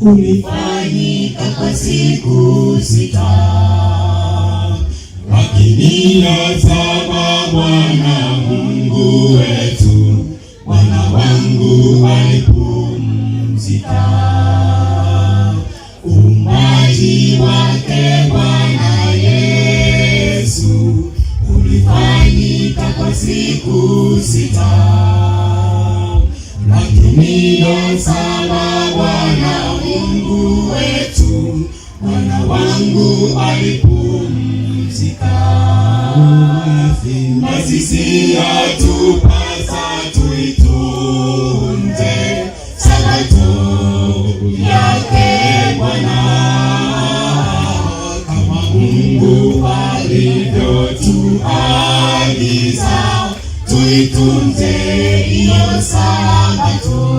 ulifanyika kwa siku sita, lakini ya saba Bwana Mungu wetu Bwana wangu alipumzika. Uumbaji wake Bwana Yesu ulifanyika kwa siku sita, lakini ya saba Bwana Mungu wetu, Bwana wangu alipumzika, na sisi yatupasa tuitunze hiyo Sabato,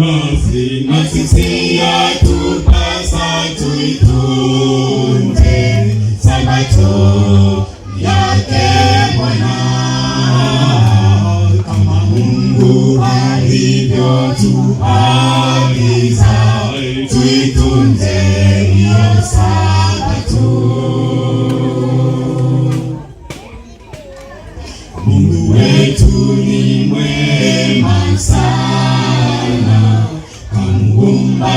nasi nasi pia tupasa tuitunze Sabato yake Bwana, kama Mungu alivyotuagiza tuitunze hiyo Sabato. ulimwema sana, kangumba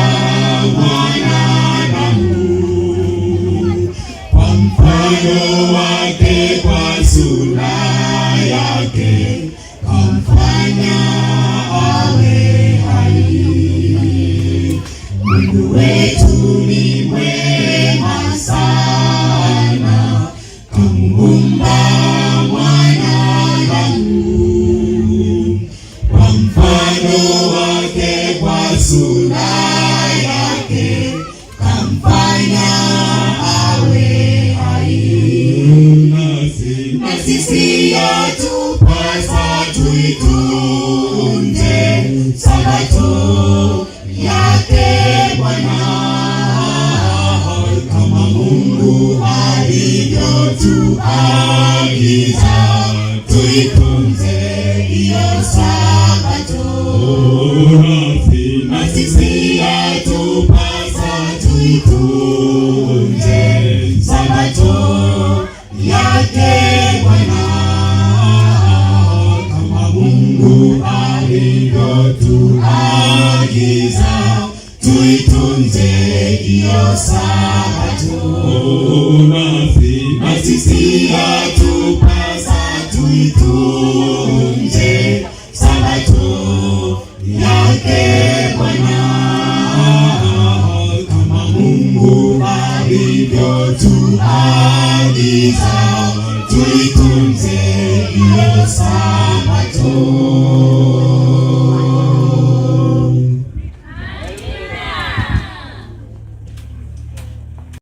mwanadamu kwa mfano wake, kwa sura yake kamfanya wake kwa sura yake kamfanya awe hai, na sisi yatupasa tuitunze sabato yake Bwana kama Mungu alivyotuagiza tuitunze hiyo mateso yake Bwana kama Mungu alivyotuagiza tuitunze hiyo Sabato, na sisi yatupasa tuitunze giza, tuitunze hiyo Sabato.